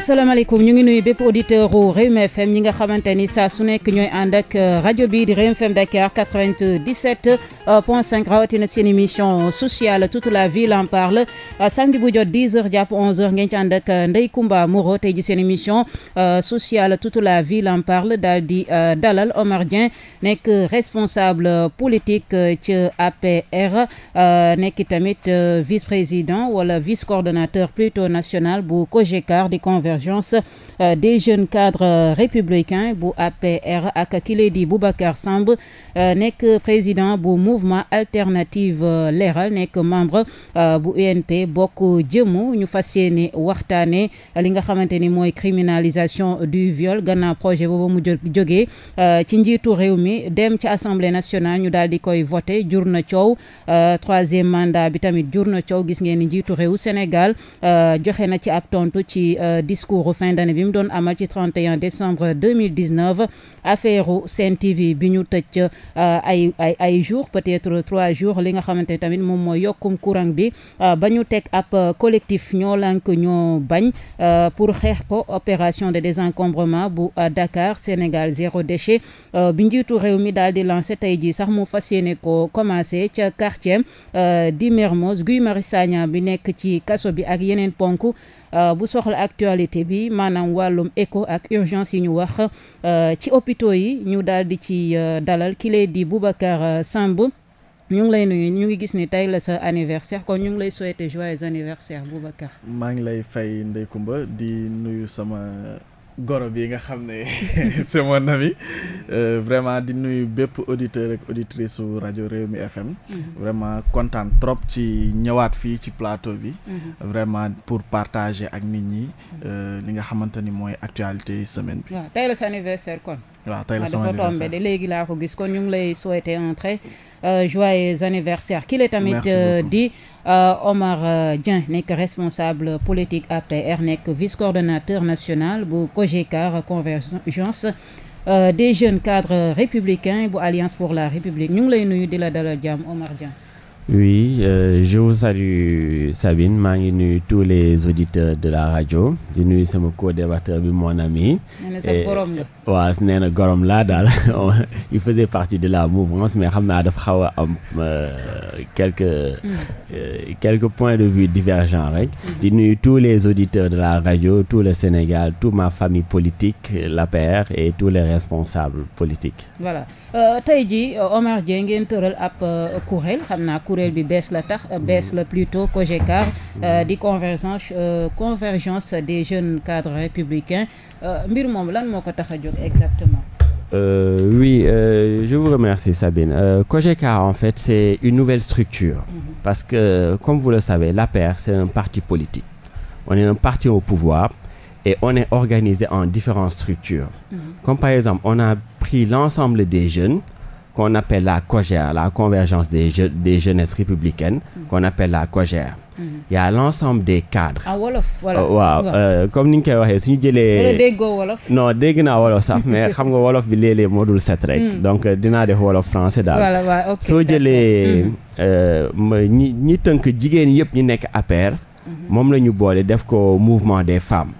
asalaamaaleykum ñu ngi nuyu bépp auditeur u Rewmi FM ñi nga xamante ni saa su nekk ñooy ànd ak euh, rajo bii di Rewmi FM Dakar 97 euh, point 5 rawatina seen émission sociale toute la ville en parle euh, samedi bu jot 10 heures jàpp 11 heures ngeen ci ànd ak Ndeye Comba Moreau tey ji seen émission sociale toute la ville en daal di dalal Omar nekk responsable politique ci APR nekk tamit vice-président wala vice-coordonnateur plutôt national bu convergence euh, des jeunes cadres euh, républicains bu APR ak kiledi lay di Boubacar Samb euh, nekk président bu mouvement alternative leeral nekk membre bu UNP bokk jëmu ñu fas yéene waxtaane li nga xamante ni mooy criminalisation du viol gannaaw projet boobu mu jógee ci njiitu réew mi dem ci assemblée nationale ñu daal di koy voté jur na coow troisième mandat bi tamit jur na coow gis ngeen ni njiitu réew Sénégal joxe na ci ab tontu ci discours fin d'année bi mu doon amal ci 31 décembre 2019 affaire Sen TV bi ñu tëj euh, ay ay ay jours peut-être trois jours li nga xamante ne tamit moom mooy yokkum courant bi euh, ba ñu teg ab euh, collectif ñoo lànk ñoo bañ pour xeex ko opération de désencombrement bu Dakar Sénégal zéro déchet bi njiitu réew mi daal di lancé tey jii sax mu fas yéene ko commencé ca quartier di Mermoz Guy Marius Sagna bi nekk ci kaso bi ak yeneen ponk bu soxla actualité bi maanaam wàllum éco ak urgence yi ñu wax hôpitaux yi ñu daal di ci euh, dalal ki lay di Boubacar euh, Samb ñu ngi lay nuyu ñu ngi gis ni tey la sa anniversaire kon ñu ngi lay souhaiter joyeux anniversaire Boubacar. maa ngi lay fay Ndeye Comba di nuyu sama. goro bi nga xam ne c'est na ami euh, vraiment di nuyu bépp auditeur ak auditrice su rajo mi FM mhm. vraiment kontaan trop ci ñëwaat fii ci plateau bi mhm. vraiment pour partager ak nit ñi mhm. euh, li nga xamante ni mooy actualité semaine bi waaw la sa anniversaire kon waaw tey la ah, sama anniversaire dafa tombé de léegi laa ko gis kon ñu ngi lay souhaiter un très euh, joyeux anniversaire. ki la tamit euh, di euh, Omar Dieng nekk responsable politique APR nekk vice coordonnateur national bu COGECAR convergence des jeunes cadres républicains bu Alliance pour la République ñu ngi lay nuyu di la dalal jàmm Omar Dieng. Oui, euh, je vous salue Sabine, maa ngi nuyu tous les auditeurs de la radio di nuyu sama co-débatteur bi mon ami. waaw nee na gorom laa daal il faisait partie de la mouvance mais xam naa dafa xaw a am euh, quelques mm. euh, quelques points de vue divergents rek. di mm. nuyu tous les auditeurs de la radio tous le Sénégal toute ma famille politique l'APR et tous les responsables politiques. voilà euh, tey jii Omar Dieng ngeen tëral ab kuréel kuréel bi bees la tax bees la plutôt COGECAR euh, di convergence euh, convergence des jeunes cadres républicains euh, mbir moom lan moo ko tax a jóg exactement Euh, oui, euh, je vous remercie Sabine. Euh, en fait, c'est une nouvelle structure. Mhm. Parce que, comme vous le savez, l'APR, c'est un parti politique. On est un parti au pouvoir et on est organisé en différentes structures. Mhm. Comme par exemple, on a pris l'ensemble des jeunes qu'on appelle la COGER, la convergence des, je, des jeunesses républicaines, mm. qu'on la COGER. Mm-hmm. Il y a l'ensemble des cadres. ah wolof voilà ah, waaw euh, comme ni ñu koy waxee suñu jëlee. wala déggoo dégg naa wolof sax mais xam nga wolof bi léeg-léeg moo set rek. Mm. donc euh, dinaa def wolof français daal. voilà waaw soo jëlee mm-hmm. euh, ñi ñi tënk jigéen yëpp ñi nekk APR. Mm-hmm. moom la ñu boole def ko mouvement des femmes.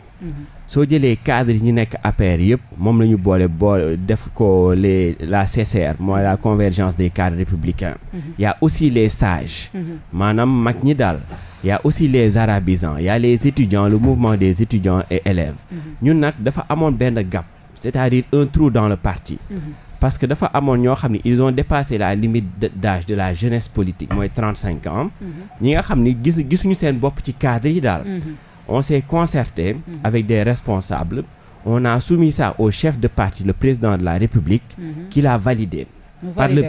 soo jëlee cadre yi ñu nekk APR yëpp moom la ñu boole boole def ko le la CCR mooy la convergence des cadres républicains mhm. y a aussi les sages mhm. maanaam mag ñi daal y a aussi les arabisans y a les étudiants le mouvement des étudiants et élèves mhm. ñu nag dafa amoon benn gap c'est-à-dire un trou dans le parti parce que dafa amoon ñoo xam ne ils ont dépassé la limite d'âge de la jeunesse politique mooy trente cinq ans ñi nga xam ni gis gisuñu seen bopp ci cadre yi daal on s'est concerté mmh. avec des responsables. On a soumis ça au chef de parti, le président de la République, mmh. qui l'a validé. Vous par validez.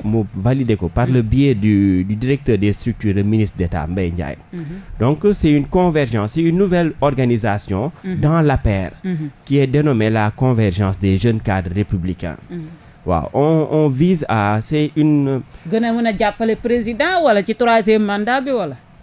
le, par mhm. le biais du, du, directeur des structures, de ministre d'État, Mbaye Ndiaye. Mhm. Donc, c'est une convergence, c'est une nouvelle organisation mhm. dans la paire qui est dénommée la convergence des jeunes cadres républicains. waaw on vise à c'est une. gën a mën a jàppale président wala ci troisième mandat bi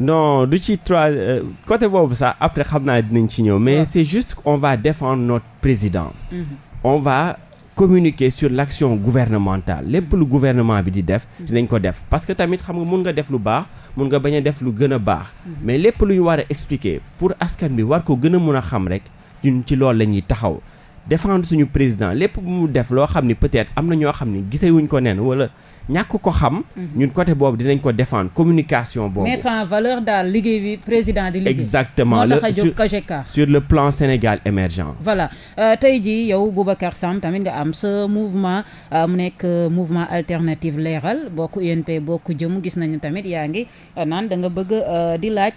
non du ci trois euh, côté boobu sax après xam naa dinañ ci ñëw mais ouais. c'est juste on va défendre notre président mhm. on va communiquer sur l'action gouvernementale lépp lu gouvernement bi di def mhm. dinañ ko def parce que tamit xam nga mun nga def lu baax mun nga bañ a def lu gën a baax mhm. mais lépp lu ñu war a expliquer pour askan bi war ko gën a mun a xam rek ñun ci loolu lañuy taxaw défendre suñu président lépp bu mu def loo xam ni peut-être am na ñoo xam ni gisewuñ ko neen wala ñàkk ko xam. Mhm. ñun côté boobu dinañ ko défendre communication boobu. mettre en valeur daal liggéey bi président di. liggéey exactement le sur, sur le plan Sénégal émergent. voilà euh, tey jii yow Boubacar Sam tamit nga am sa mouvement euh, mu nekk euh, mouvement alternative leeral bokk UNP bokk jëm gis nañu tamit yaa ngi naan da nga bëgg di laaj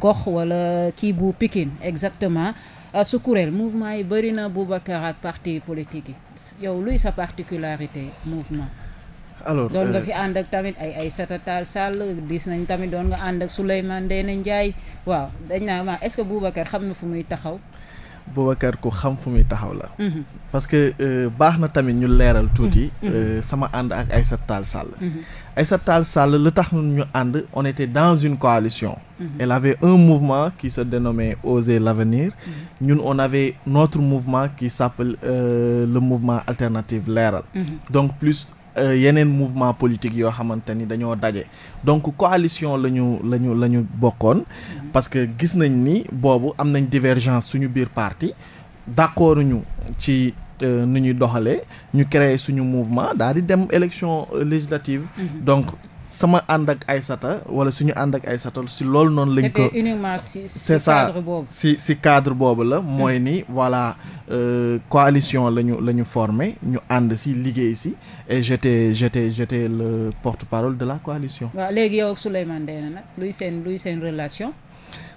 gox wala kii bu Pikine exactement. su kuréel mouvement yi bëri na Boubacar ak parti politique yi yow luy sa particularité mouvement alors doon nga euh, fi ànd ak tamit ay ay satatal Sall gis nañ tamit doon nga ànd ak Souleymane Ndéné Ndiaye waaw dañ naa ma est-ce xam na fu muy taxaw. Boubacar ku xam fu muy taxaw la. Mhm. parce que euh, baax na tamit ñu leeral tuuti. Mhm. Mhm. Euh, sama ànd ak Aïssata Tall Sall. Aïssata Tall Sall lu tax ñu ànd on était dans une coalition. elle avait un mouvement qui se dénommait Oser l'avenir. ñun on avait notre mouvement qui s'appelle le mouvement alternative leeral. donc plus Euh, yeneen mouvement politique yoo xamante ni dañoo daje donc coalition la ñu la ñu la ñu bokkoon mhm. parce que gis nañ ni boobu am nañ divergence suñu biir parti d'accord ñu ci euh, nu ñuy doxalee ñu créer suñu mouvement daal di dem élection législative mhm. donc sama ànd ak ay sata wala suñu ànd ak Aysata si loolu noonu lañ ko uniquement si c'est ça si si cadre boobu la mooy ni voilà euh, coalition la ñu la ñu formé ñu ànd si liggéey si et j'étais j'étais j'étais le porte-parole de la coalition waaw léegi yow ak Souleymane Ndéné nag luy seen luy seen relation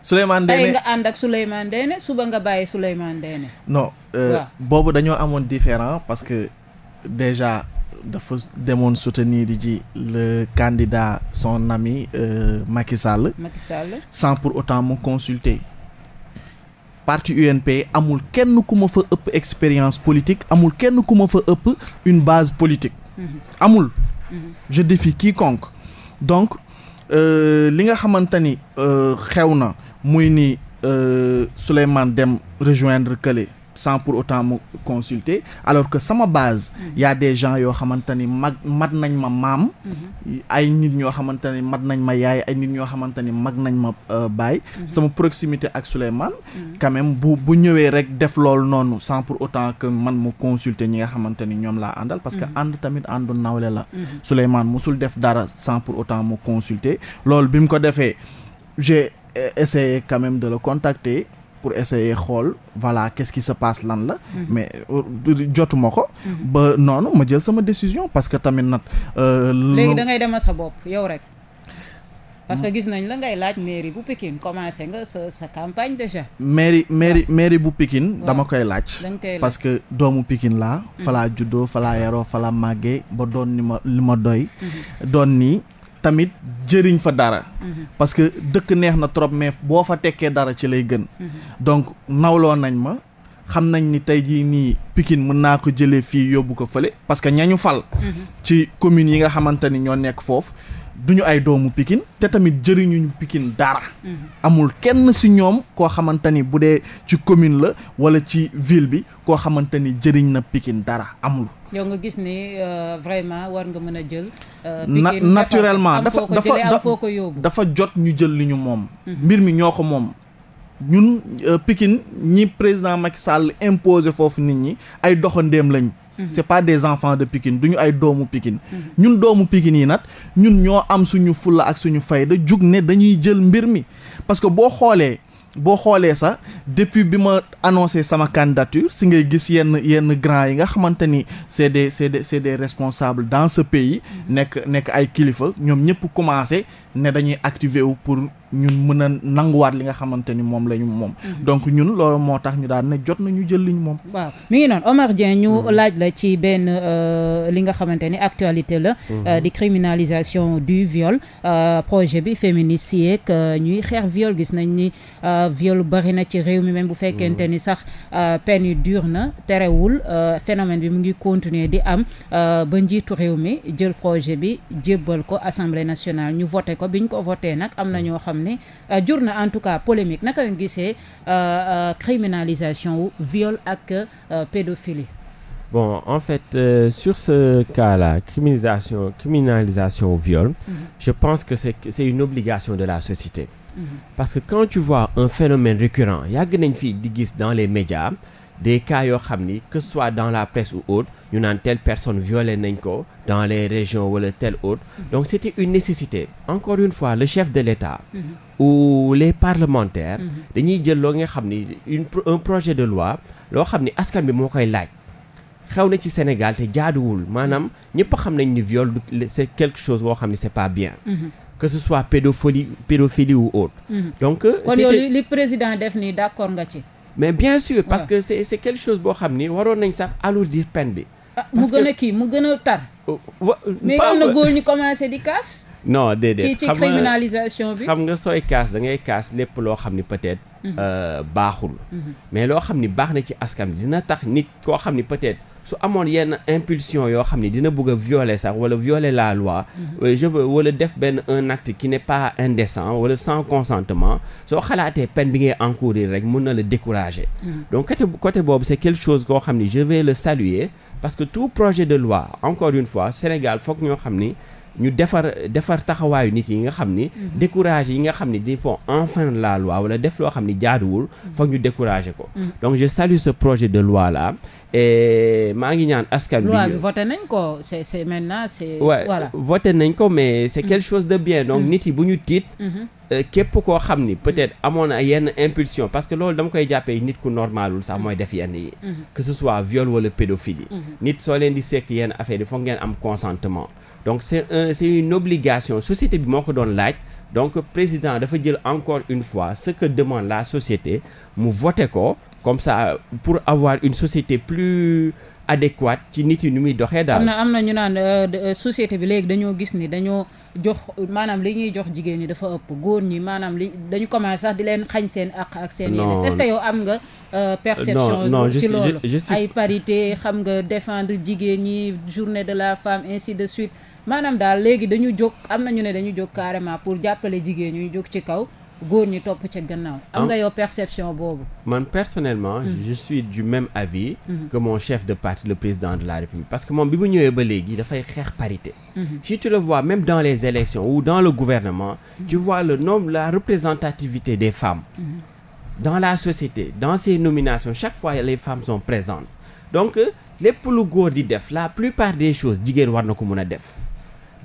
Souleymane Ndéné tey nga ànd ak Souleymane Ndéné suba nga bàyyi Souleymane Ndéné non euh, boobu dañoo amoon différent parce que déjà dafa demoon soutenir ji le candidat son ami euh, Macky Sall. Macky Sall sans pour autant mu consulter. parti UNP amul kenn ku ma fa ëpp expérience politique amul kenn ku ma fa ëpp une base politique. Mhm. amul. Mhm. je défie quiconque. donc euh, li nga xamante ni euh, xew na muy ni euh, Souleymane dem rejoindre Kële. sans pour autant mu consulter alors que sama base mm-hmm. y des gens yoo xamante ni mag mat nañ ma maam mm-hmm. ay nit ñoo xamante ni mat nañ ma yaay ay nit ñoo xamante ni mag nañ ma euh, baay mm-hmm. sama proximité ak Souleymane quand même bu bu ñëwee rek def lool noonu sans pour autant que man mu consulter ñi nga xamante ni ñoom laa àndal parce que ànd tamit àndu nawle la Souleymane mosul def dara sans pour autant mu consulter loolu bi mu ko defee g euh, essayé quand de la contacter pour essayer xool voilà qu'est-ce qui se passe lan la. Mhm. mais euh, jotuma ko. Mhm. ba noonu ma jël sama décision parce que tamit nag. Euh, léegi da ngay demal sa bopp yow rek. parce que mm. gis nañ la ngay laaj mairie bu Pikine commencé nga sa sa campagne déjà. mairie mairie mairie bu Pikine dama koy laaj. parce que doomu Pikine laa. Mm. falaa laa juddoo fa laa yaroo fa màggee ba doon ni ma li ma doy. Mm-hmm. doon nii. tamit jëriñ fa dara. Mhm. parce que dëkk neex na trop mais boo fa tekkee dara ci lay gën. Mhm. donc nawloo nañ ma xam nañ ni tey jii nii Pikine mën naa ko jëlee fii yóbbu ko fële parce que ñañu fal. Mhm. ci communes yi nga xamante ni ñoo nekk foofu. duñu ay doomu Pikine te tamit jëriñuñu Pikine dara. Mm-hmm. amul kenn si ñoom koo xamante ni bu dee ci commune la wala ci ville bi koo xamante ni jëriñ na Pikine dara amul. yow nga gis ni euh, vraiment war nga mën a jël. Euh, na naturellement dafa dafa dafa jot ñu jël li ñu moom. Mm-hmm. mbir mi ñoo ko moom. ñun euh, Pikine ñi président Macky Sall imposé foofu nit ñi ay doxandéem lañ. Mhm. c'est pas des enfants de Pikine duñu ay doomu Pikine. Mhm. ñun doomu Pikine yi nag ñun ñoo am suñu fulla ak suñu fayda jug ne dañuy jël mbir mi parce que boo xoolee. boo xoolee sax depuis bi ma annoncé sama candidature si ngay gis yenn yenn grand yi nga xamante ni c'est des c'est des c'est des responsables dans ce pays. Mhm. nekk nekk ay kilifa ñoom ñëpp commencé. ne dañuy activer wu pour ñu mën a nanguwaat li nga xamante ni moom la ñu moom. Mhm. donc ñun loolu moo tax ñu daal ne jot nañu jël li ñu moom. waaw mi ngi noonu Omar ñu mhm. laaj la ci benn euh, li nga xamante ni actualité la. Mhm. Euh, di criminalisation du viol euh, projet bi féministe yi ak ñuy xeex viol gis nañ ni viol bari na ci réew mi même bu fekkente ni sax peine yi dur na terewul phénomène bi mu ngi continuer di am ba njiitu réew mi jël projet bi jébbal ko assemblée nationale ñu ko biñ ko voté nag am na ñoo xam ne euh, jur na en tout cas polémique naka nga gisee euh, euh, criminalisation wu viol ak pédophilie. bon en fait euh, sur ce cas-là criminalisation criminalisation viol. Mm-hmm. je pense que c'est une obligation de la société. Mm parce que quand tu vois un phénomène récurrent yàgg nañ fi di gis dans les médias. des cas yoo xam ni que ce soit dans la presse ou autre ñu naan telle personne violée nañ ko dans les régions wala telle autre donc c'était une nécessité encore une fois le chef de l'État mm-hmm. ou les parlementaires mm-hmm. dañuy jël loo nga xam ni une un projet de loi loo xam ni askan bi moo koy laaj xew na ci Sénégal te jaaduwul maanaam ñëpp xam nañ ni viol c'est quelque chose woo xam ni c'est pas bien mm-hmm. que ce soit pédophilie ou autre donc euh, kon li président def mais bien sûr parce que c'est c'est quelque chose boo xam ni waroon nañ sax alourdir peine bi. Ah, mu gën a kii mu gën a tar. Oh, mais am na góor ñu commencé di kaas. non déedéet ci ci criminalisation bi xam nga sooy kaas da ngay kaas lépp loo xam ni peut-être. Mhm. Euh, baaxul. Mhm. mais loo xam ni baax na ci askan bi dina tax nit koo xam ni peut-être. su amoon yenn impulsion yoo xam ne dina bëgg a violer sax wala violer la loi mhm. euh, je wala def benn un acte ki n'est pas indécent wala sans consentement soo xalaatee peine bi ngay encourir rek mun na la décourager mhm. donc côté côté boobu c'est quelque chose koo xam ni je vais le saluer parce que tout projet de loi encore une fois Sénégal foog ñoo xam ni ñu defar defar taxawaayu nit yi nga xam ni mhm. découragé yi nga xam ni di font enfreindre la loi wala def loo xam ni jaaduwul foog ñu décourager ko donc je et maa ngi ñaan askan bi loi bi voté nañ ko c'est c'est maintenant c'est voilà voté nañ ko mais c'est mm. quelque chose de bien donc mm. nit yi bu ñu tiit mm-hmm. euh, képp koo xam ni peut-être amoon na yenn impulsion parce que loolu dama koy jàppee nit ku normalul sax mooy mm-hmm. def yenn yi mm-hmm. que ce soit viol wala pédophilie nit soo leen di sekk yenn affaire yi foog ngeen am consentement donc c'est un c'est obligation société bi moo ko doon laaj donc président dafa jël encore une fois ce que demande la société mu voté ko comme ça pour avoir une société plus adéquate ci nit yi nu muy doxee daal. am na am na ñu naan euh, euh, société bi léegi dañoo gis ni dañoo jox maanaam li ñuy jox jigéen ñi dafa ëpp góor ñi maanaam li dañu commencé sax di leen xañ seen àq ak seen yeneen. est yow am nga. Euh, perception ci loolu ay parité xam nga défendre jigéen ñi journée de la femme ainsi de suite maanaam daal léegi dañu jóg am na ñu ne dañu jóg carrément pour jàppale jigéen ñi ñu jóg ci kaw. góor ñi topp ca gannaaw. am ah. nga yow perception boobu. man personnellement. Mmh. je suis du même avis. Mmh. que mon chef de parti le président de la république. parce que moom bi mu ñëwee ba léegi dafay xeex parité. Hmm. si tu le vois même dans les élections ou dans le gouvernement. Hmm. tu vois le nombre la représentativité des femmes. Hmm. dans la société dans ces nominations chaque fois les femmes sont présentes donc euh, lépp lu góor di def la plupart des choses jigéen war na ko mën a def.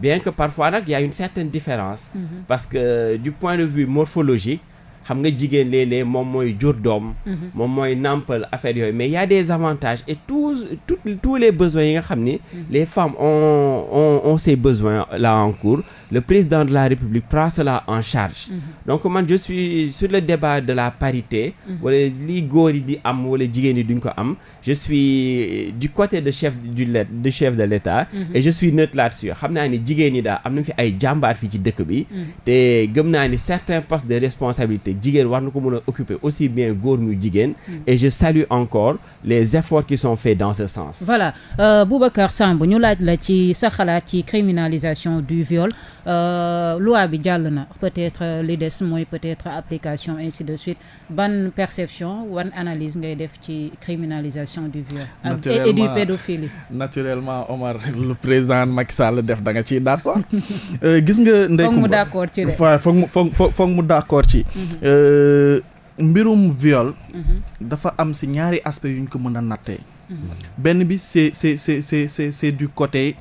bien que parfois nag y a une certaine différence. Mm-hmm. parce que euh, du point de vue morphologique. xam nga jigéen léeg-léeg moom mooy jur doom. Mhm. moom mooy nàmpal affaire yooyu mais y des avantages et tous tout tous les besoins yi nga xam ni. Mhm. les femmes ont ont ont ces besoins là en cours le président de la République prend cela en charge. Mhm. donc man je suis sur le débat de la parité. wala li góor yi di am wala jigéen yi duñ ko am je suis du côté de chef du de chef de l'État. et je suis neutre là xam naa ni jigéen ñi daal am na fi ay jàmbaar fii ci dëkk bi. te gëm naa ni certains postes de responsabilité. jigéen war na ko mën a occuper aussi bien góor ñu jigéen mm. et je salue encore les efforts qui sont faits dans ce sens voilà euh, Boubacar Samb ñu laaj la ci sa xalaat ci criminalisation du viol euh, loi bi jàll na peut-être euh, li des mooy peut-être application de suite ban perception wan analyse ngay def ci criminalisation du viol et du pédophilie naturellement Omar le président Macky Sall def da nga d'accord gis nga ndey foog mu d'accord ci foog mu mu d'accord ci Euh, mbirum viole mhm. dafa am si ñaari aspect yu ñu ko mën a nattee. Mhm. benn bi c'est c'est c'est c'est c'est du côté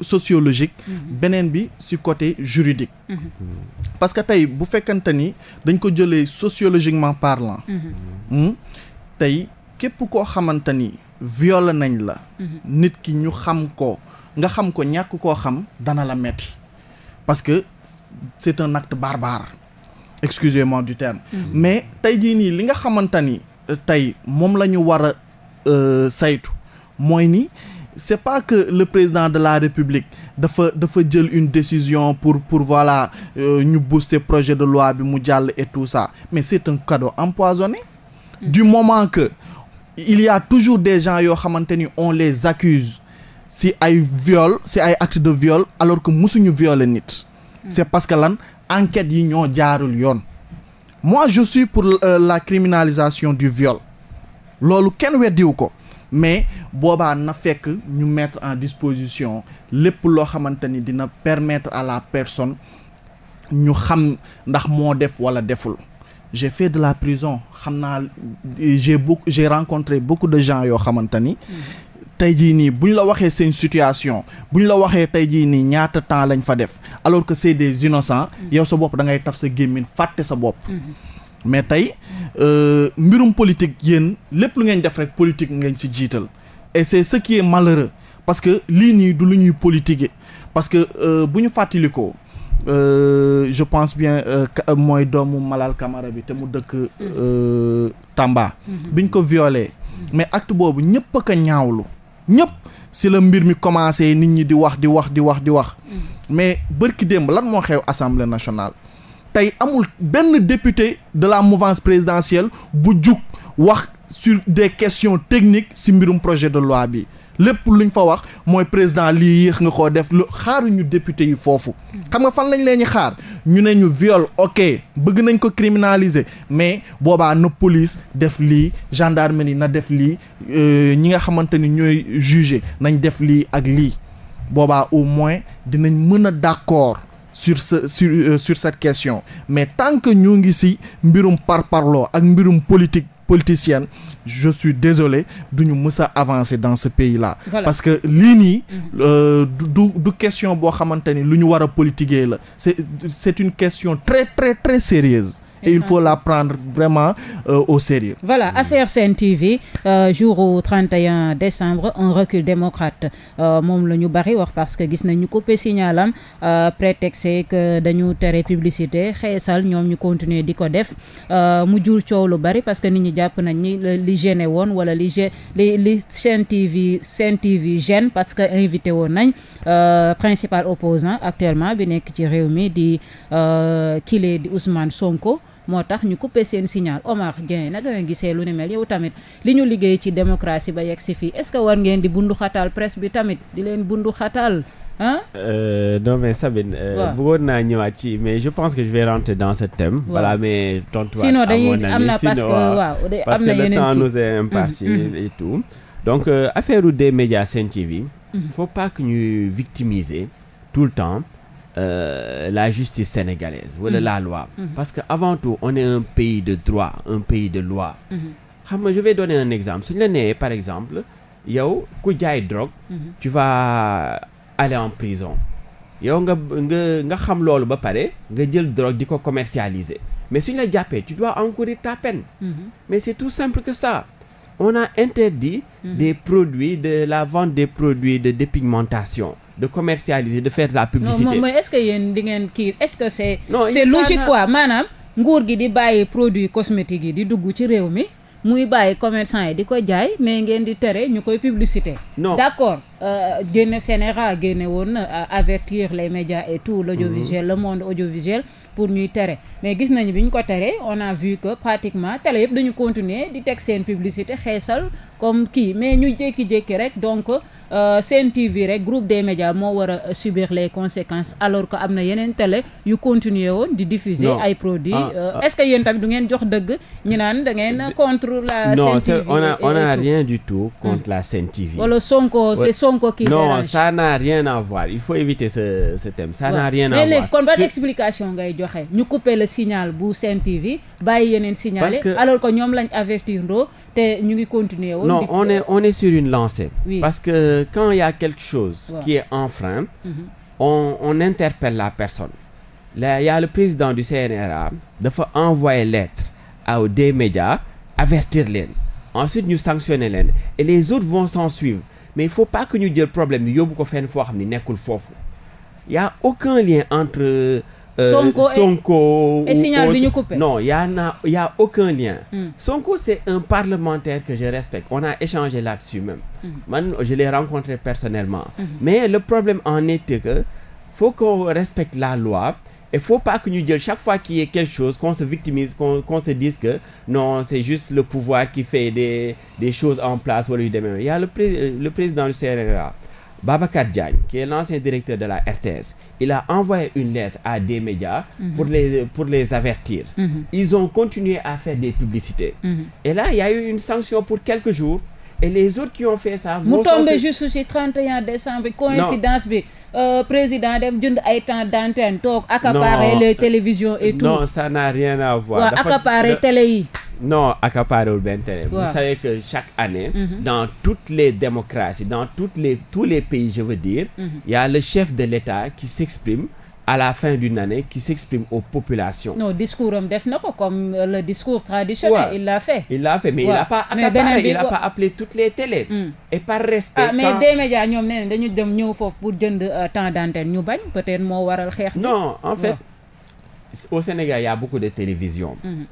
sociologique. Mhm. beneen bi si côté juridique. parce que tey bu fekkante ni dañ ko jëlee sociologiquement parlant. Hmm? tey képp koo xamante ni viol nañ la. nit ki ñu xam ko nga xam ko ñàkk koo xam dana la metti parce que c'est un acte barbare. excusez-moi du terme mm-hmm. mais tey jii nii li nga xamante ni euh, tey moom la ñu war a euh, saytu mooy ni c'est pas que le président de la République dafa dafa jël une décision pour pour voilà euh, ñu euh, booster projet de loi bi mu jàll et tout ça mais c'est un cadeau empoisonné mm. du moment que il ya toujours des gens yoo xamante ni on les accuse si ay viole si ay acte de viole alors que musuñu violer nit mm. c'est parce que lan enquêtes yi ñoo jaarul yoon moi je suis pour euh, la criminalisation du viol loolu kenn weddiwu ko mais boobaa na fekk ñu mettre en disposition lépp loo xamante ni dina permettre à la personne ñu xam ndax moo def walla deful j'ai fait de la prison xam naa j'ai beaucoup j'ai rencontré beaucoup de gens yoo xamante ni mm-hmm. tey jii nii bu ñu la waxee seen situation bu ñu la waxee tey jii nii ñaata temps lañ fa def alors que c'est des innocents mm. yow sa bopp dangay ngay taf sa gémmiñ fàtte sa bopp mm-hmm. mais tey euh, mbirum politique yéen lépp lu ngeen def rek politique ngeen ci jiital et c'est ce qui est malheureux parce que lii nii du lu ñuy politiquer parce que euh, bu ñu fàttalikoo euh, je pense bien mooy doomu Malal Camara bi te mu dëkk mm. Tamba mm-hmm. biñ ko violé mm-hmm. mais act boobu ñëpp a ko ñaawlu ñëpp si la mbir mi commencé nit ñi di wax di wax di wax di wax mm. mais bërki démb lan moo xew assemblée nationale tey amul benn député de la mouvance présidentielle bu jug wax sur des questions techniques si mbirum projet de loi bi lépp luñ fa wax mooy président lii yéex nga koo def lu xaaruñu député yi foofu. xam nga fan lañ leen ñu xaar ñu ne ñu viole ok bëgg nañ ko criminaliser mais boobaa na police def lii gendarmerie na def lii euh, ñi nga xamante ni ñooy juger nañ def lii ak lii boobaa au moins dinañ mën a d'accord. sur ce sur euh, sur cette question mais tant que ñu ngi si mbirum parparloo ak mbirum politique politicienne je suis désolé du ñu mës a avancer dans ce pays là. parce que lii nii. Mhm. Euh, du du question boo xamante ni lu ñu war a politiquer la c'est c'est une question très très très sérieuse et il faut la prendre vraiment euh, au sérieux. Voilà, mmh. affaire Sen TV euh, jour au 31 décembre un recul démocrate euh, moom la ñu bari wax parce que gis nañu coupé signalam euh, prétexte que dañu tere publicité xeesal ñoom ñu continuer di ko def mu jur coow lu bari parce que nit ñu jàpp nañ ni li gêné woon wala li gé li li Sen TV Sen TV gêne parce que invité woon nañ principal opposant actuellement bi nekk ci réew mi di kile di Ousmane Sonko. moo tax ñu coupé seen signal Omar Dieng naka nga gisee lu ni mel yow tamit li ñu liggéey ci démocratie ba yegg si fii est que war ngeen di bundu xataal presse bi tamit di leen bundu xataal ah. Euh, non mais Sabine. Euh, waaw naa ñëwaat ci mais je pense que je vais rentrer dans ce thème. waaw voilà mais tontu am na ni sinon waaw parce que le temps nous seen imparti mm-hmm, mm-hmm. et tout. donc euh, affaire u D-Média Sen TV. Mm-hmm. faut pas que victimiser tout le temps. euh, la justice sénégalaise wala mhm. la loi mhm. parce que avant tout on est un pays de droit un pays de loi mhm. xam nga je vais donner un exemple suñu la nee par exemple yow ku jaay drogue tu vas aller en prison yow nga nga nga xam loolu ba pare nga jël drogue di ko commercialiser mais suñu la jàppee tu dois encourir ta peine mais c'est tout simple que ça on a interdit des produits de la vente des produits de dépigmentation de commercialiser de faire de la publicité. non mooy est-ce que yéen di ngeen kii est-ce que c'est. non c'est logique quoi maanaam nguur gi di bàyyi produits cosmétiques yi di dugg ci réew mi. muy bàyyi commerçant yi di ko jaay mais ngeen di tere ñu koy publicité. non d'accord euh, génne CNRA génne woon euh, avertir les médias et tout. l'audiovisuel mhm. le monde audiovisuel pour ñuy tere. mais gis nañu bi ñu ko tere on a vu que pratiquement télé yëpp dañu continuer di teg seen publicité xeesal comme kii mais ñu jékki-jékki rek donc euh, Sen TV rek groupe des médias moo war a subir les conséquences alors que am na yeneen tele yu continuer woon di diffuser ay produits ah, euh, ah. est-ce que yéen tamit du ngeen jox dëgg ñu naan da ngeen contre la Sen TV non on a tout hmm. contre la wala Sonko c'est Sonko qui dérange non n'a rien à il faut éviter ce ce thème ça n'a rien à mais léegi kon ban explication ngay joxe ñu couper le signal bu Sen TV bàyyi yeneen signalé alors que ñoom lañ avertir ndoo te ñu ngi continuer woon non on est on est sur une lancée. Oui. parce que quand il y a quelque chose. Ouais. qui est enfreint. Mm-hmm. on on interpelle la personne. là il y a le président du CNRA. dafa envoyer lettre à des médias avertir leen. ensuite ñu sanctionner leen et les autres vont s'en suivre mais il faut pas que ñu jël problème bi yóbbu ko fenn foo xam ni nekkul foofu. il y a aucun lien entre. Euh, Sonko, Sonko et, et signal bi non y a na y a aucun lien mm. Sonko c'est un parlementaire que je respecte on a échangé là-dessus même mm. man je l'ai rencontré personnellement hmm. mais le problème en est que faut qu'on respecte la loi et faut pas que ñu jël chaque fois qu'il y ait quelque chose qu'on se victimise qu'on qu'on se dise que non c'est juste le pouvoir qui fait des des choses en place wala yu demee il y a le, président du CRA Babacar Diagne qui est l'ancien directeur de la RTS il a envoyé une lettre à des médias mmh. pour les pour les avertir mmh. ils ont continué à faire des publicités mhm. et là il y a eu une sanction pour quelques jours et les autres qui ont fait mu tombé juste ci 31 décembre. coïncidence bi euh, président dem jënd ay temps d'antenne toog. accaparer les télévisions et tout. non ça n'a rien à voir. dafa télé yi. non accaparer wul benn télé. vous savez que chaque année. Mm -hmm. dans toutes les démocraties dans les tous les pays je veux dire. Mhm. y a le chef de l'État qui s'exprime à la fin d'une année qui s'exprime aux populations. discours am def na ko comme euh, le discours traditionnel. il l'a fait il l'a fait mais il a pas accaparé il a appelé toutes les télés. Hmm. et par respect. Ah, mais des médias ñoom nee na dañu dem ñëw foofu pour jënd euh, temps d'antenne ñu bañ peut-être moo waral xeex. non en fait ouais. au Sénégal il y a beaucoup de télévisions. Mm.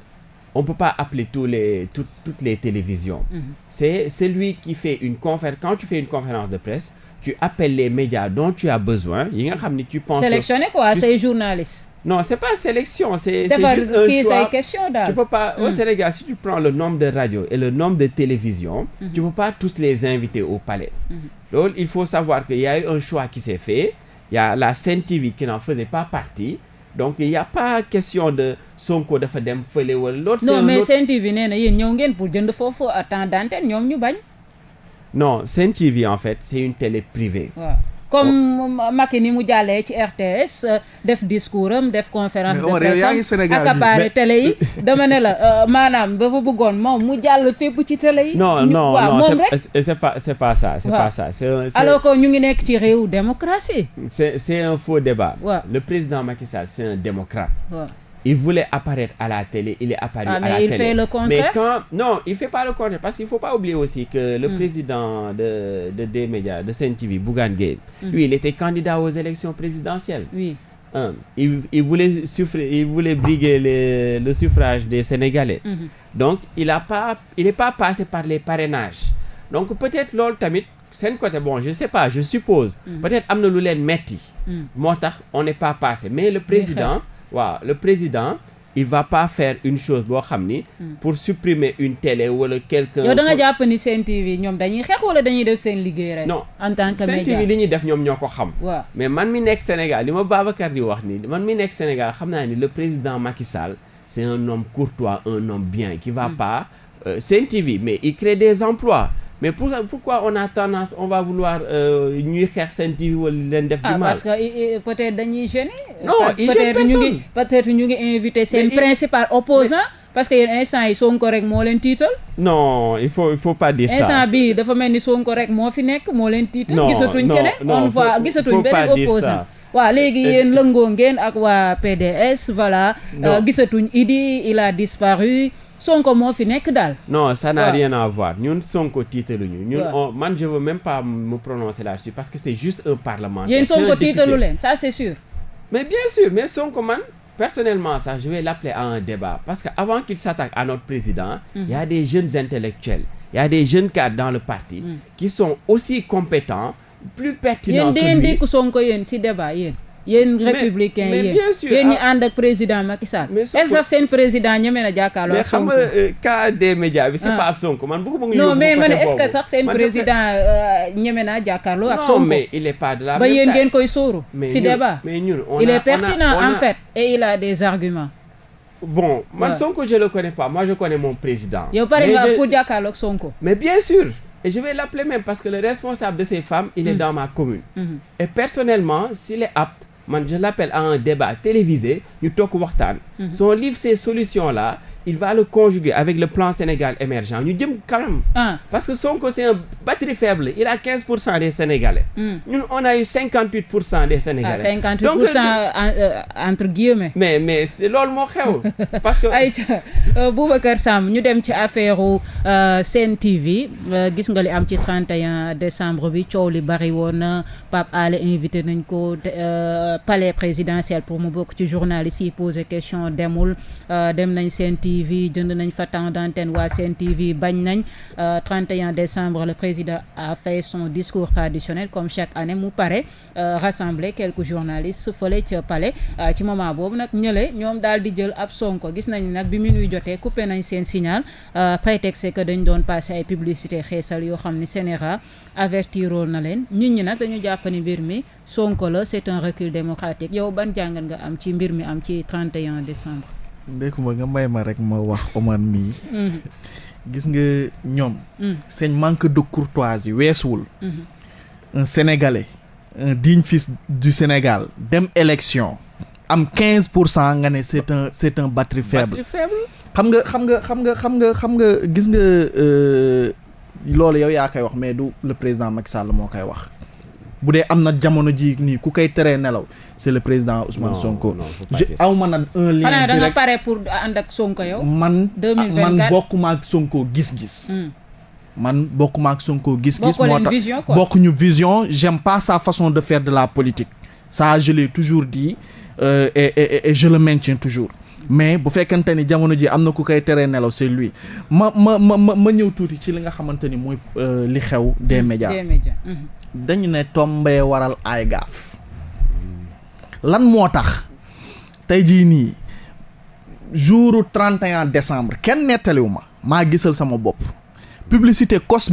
on peut pas appeler les tout, toutes les télévisions. Hmm. c'est celui qui fait une conférence quand tu fais une conférence tu appelles les médias dont tu as besoin yi nga xam ni tu penses. sélectionner quoi tu... ces journalistes. non c'est pas sélection c'est c'est juste un tu peux pas au hmm. Sénégal si tu prends le nombre de radios et le nombre de télévisions mm -hmm. tu peux pas tous les inviter au palais loolu mm il faut savoir qu'il y a eu un choix qui s'est fait il y a la Sen TV qui n'en faisait pas partie donc il y a pas question de Sonko dafa dem fële wala l'autre non mais na yéen ñëw ngeen pour jënd foofu temps d'antenne ñoom ñu bañ non Sen TV en fait c'est une télé privée. Ouais. comme oh. Macky ni mu jàllee ci RTS euh, def discours am def conférence de presse ak abaare télé yi dama ne la euh, maanaam ba fa bëggoon moom mu jàll fépp ci télé yi. non non non c'est pas c'est pas ça c'est pas ça. alors que ñu ngi nekk ci réew démocratie. c'est c'est un faux débat. le président Macky Sall c'est un démocrate. il voulait apparaître à la télé, il est apparu ah, à la télé. Mais le contraire. quand non, il fait pas le contraire parce qu'il faut pas oublier aussi que le hmm. président de de des médias de Sen TV Bougane Gueye, mm. lui il était candidat aux élections présidentielles. Oui. Hein, il, il voulait suffrer, il voulait briguer les, le suffrage des Sénégalais. Hmm. Donc il a pas n'est pas passé par les parrainages. Donc peut-être loolu tamit seen côté bon je sais pas, je suppose. Hmm. Peut-être am na metti. moo on n'est pas passé mais waaw le président il va pas faire une chose boo xam ni. Hmm. pour supprimer une télé wala quelqu'un yow da jàpp ni Sen TV ñoom dañuy xeex wala dañuy def seen liggéey rek. no en tant que média Sen TV li def ñoom ñoo ko xam. mais man mi nekk Sénégal li ma Babacar di wax ni man mi nekk Sénégal xam naa ni le président Macky Sall c'est un homme courtois un homme bien qui va hmm. pas. Euh, Sen TV mais il crée des emplois. mais pour pourquoi on a tendance on va vouloir euh, ñuy xeex seen TV wala leen def. Ah, du mal parce que peut-être dañuy gêner. non ils gênent peut-être ñu ngi peut-être invité seen. principal opposant parce que yéen instant yi Sonko rek moo leen tiital. non il faut il faut pas dire ça. instant bii dafa mel ni Sonko rek moo fi nekk moo leen tiital. gisatuñ keneen on voit gisatuñ beneen opposant waaw léegi yéen lëngoo ngeen ak waa PDS voilà. Euh, gisatuñ Idi il a disparu. Sonko moo fi nekk daal. non ça n'a rien à voir Sonko tiitaluñu. ñun on man je veux même pas me prononcer là-dessus parce que c'est juste un parlementaire. yéen Sonko tiitalu leen ça c'est sûr. mais bien sûr mais Sonko man personnellement ça je vais l'appeler à un débat parce que avant qu'il s'attaque à notre président. Mm-hmm. il y a des jeunes intellectuels. il y a des jeunes cadres dans le parti. Mm. qui sont aussi compétents plus pertinents que lui yéen di indi Sonko yéen ci débat yéen. yéen républicain yéen yéen ñi ah. ànd ak président Macky Sall. mais sax seen président ñeme na jàkkaarloo. mais xam nga cas euh, des médias bi c'est ah. pas Sonko man bëgg bëgg non mais man est-ce que sax seen président euh, ñeme ak Sonko. non mais il est pas de la ba yéen koy sóoru. si débat a il est pertinent en fait et il a des arguments. bon man Sonko je le connais pas moi je connais mon président. yow pare nga pour jàkkaarloo ak Sonko. mais bien sûr. Et je vais l'appeler même parce que le responsable de ces femmes, il est mm. dans ma commune. Mm-hmm. personnellement, s'il est apte, man je l'appelle à un débat télévisé ñu toog waxtaan. Mm-hmm. son livre ces solutions là il va le conjuguer avec le plan Sénégal émergent ñu jëm kanam ah. parce que Sonko c'est un batterie faible il a pour cent des Sénégalais hmm. ñun on a eu pour cent des Sénégalais 58 ah, pour cent euh, euh, entre guillemets mais mais loolu moo xew parce que ay euh, Boubacar Samb ñu dem ci affaire u Sen TV gis nga li am ci 31 décembre bi coow li bari woon Pape Alé invité nañ ko palais présidentiel pour mu bokk ci journaliste yi poser question demul Euh, dem nañ Sen TV jënd nañ fa temps d'antenne waa Sen TV bañ nañ 31 euh, décembre le président a fait son discours traditionnel comme chaque année mu pare euh, rassembler quelques journalistes fële ca pale ci moment boobu nag ñële ñoom daal di jël ab sonko gis nañ nag bi mu minuy jotee coupé nañ seen signal prétexte que dañ doon passé ay publicité xeesal yoo xam ne Sénéra avertiroon na leen nit ñi nag dañu jàpp ni mbir mi sonko la c'est un recul démocratique yow ban jàngat am ci mbir mi am ci 31 décembre ndekuma nga may ma rek ma wax Oman mii. Mm-hmm. gis nga ñoom. Mm-hmm. seen manque de courtoisie weesuwul. Mm-hmm. un sénégalais un digne fils du Sénégal dem élection am quinze pour cent nga ne c'est un c'est un batterie faible. xam nga xam nga xam nga xam nga xam nga gis nga euh, loolu yow yaa koy wax mais du le président Macky Sall moo koy wax. bu dee am na jamono ji nii ku koy teree nelaw c'est le président Ousmane Sonko. je aw ma na un lien direct pour ànd ak Sonko yow. man man bokkuma ak Sonko gis-gis. Hmm. man bokkuma ak Sonko gis-gis. moo tax bokkuñu vision j'aime pas sa façon de faire de la politique. sa je toujours di euh, et, et, le maintiens toujours. mais bu fekkente ni jamono ji am na ku koy teree nelaw c'est lui ma ma ma ma ñëw tuuti ci li nga xamante ni mooy euh, li xew des hmm. médias. Hmm. dañu ne tombe waral ay gaaf lan moo tax tey jii nii trente 31 décembre kenn nettaliwu ma maa gisal sama bopp publicité cos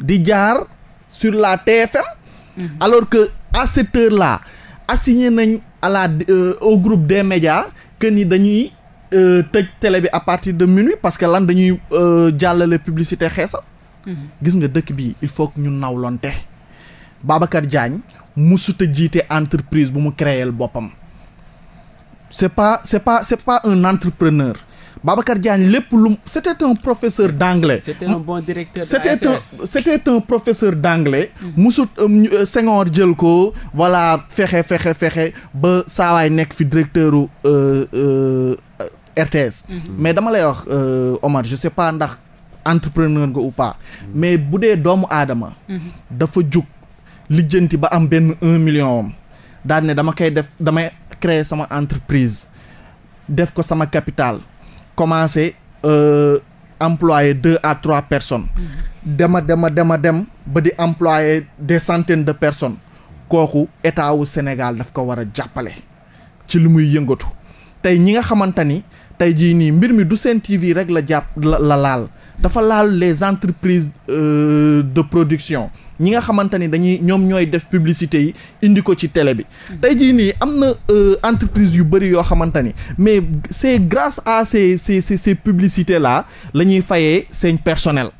di jaar sur la TFM mhm. alors que à cette heure là assigné nañ à la euh, au groupe des médias que ni dañuy euh, tëj tele bi à partir de minuit parce que lan dañuy euh, jàllale publicité xeesa mm gis nga dëkk bi il faut que ñu nawlonte Babacar Diagne musuta jiite entreprise bu mu créer boppam c'est pas c'est pas c'est pas un entrepreneur Babacar Diagne lépp lu c'était un professeur d'anglais c'était un bon directeur c'était un c'était un professeur d'anglais musut euh, euh, jël ko walla fexe fexe fexe ba saawaay nekk fi directeuru euh, RTS mhm. mais dama lay wax Omar je sais pas ndax entrepreneur nga ou mais bu dee doomu aadama mhm. dafa jug lijjanti ba am benn un million am daal dama koy def damay créer sama entreprise def ko sama capital commencer euh, employer deux à trois personnes. Mm-hmm. dema dema dema dem ba di employer des centaines de personnes kooku état wu Sénégal daf ko war a jàppale ci li muy yëngatu tey ñi nga xamante ni tey jii nii mbir mi du senti TV rek la jàpp la laal. dafa laal les entreprises euh, de production ñi nga xamante ni dañuy ñoom ñooy def publicité yi indi ko ci télé bi. Hmm. tey jii nii am na euh, entreprise yu bëri yoo xamante ni mais c'est grace à ces ces ces, ces publicités la ñuy fayee seen personnel.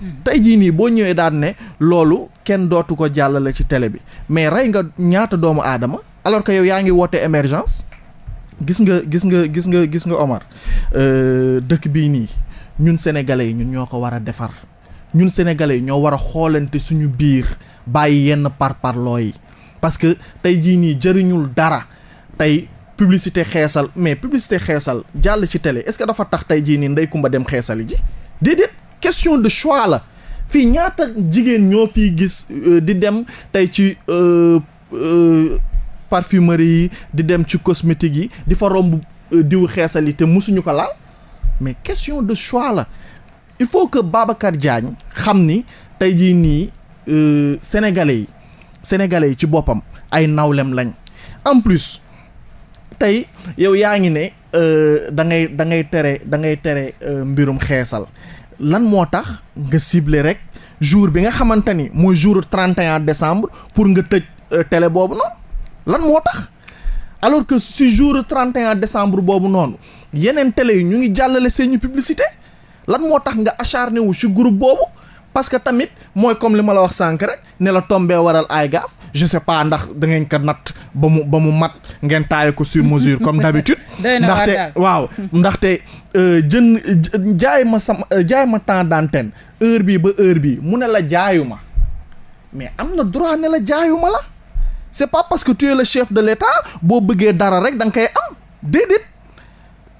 Hmm. tey jii nii boo ñëwee daan ne loolu kenn dootu ko jàllale ci télé bi mais rey nga ñaata doomu aadama alors que yow yaa ngi woote émergence gis nga gis nga gis nga gis nga Omar euh, dëkk bii nii. ñun sénégalais yi ñun ñoo ko war a defar ñun sénégalais yi ñoo war a xoolante suñu biir bàyyi yenn par parparloo yi parce que tey jii nii jëriñul dara tey publicité xeesal mais publicité xeesal jàll ci télé est-ce que dafa tax tey jii nii ndey kumba dem xeesali ji déedéet question de choix la fii ñaata jigéen ñoo fii gis euh, di dem tey ci euh, euh, parfumerie yi di dem ci cosmétique yi di fa romb diw xeesal yi te musuñu ko laal mais question de choix la il faut que Babacar Diagne xam ni tey jii nii euh, sénégalais yi sénégalais yi ci boppam ay nawlem lañ en plus tey yow yaa ngi ne euh, da ngay da ngay tere da ngay tere euh, mbirum xeesal lan moo tax nga ciblé rek jour bi nga xamante ni mooy jour 31 décembre pour nga tëj euh, tele boobu noonu lan moo tax alors que si jour 31 décembre boobu noonu yeneen télé yi ñu ngi jàllale seeni publicité lan moo tax nga acharné wu ci groupe boobu parce que tamit mooy comme li ma la wax sànq rek ne la tombee waral ay gaaf je sais pas da ngeen ko natt ba mu ba mu mat ngeen taaye ko sur mesure comme d'habitude ndaxte waaw ndaxte euh, jën jaay ma sama euh, jaay ma temps d'antenne heure bii ba heure bii mu ne la jaayu ma mais am na droit ne la jaayu ma la c'est pas parce que tu chef de l'État boo bëggee dara rek danga nga koy am déedéet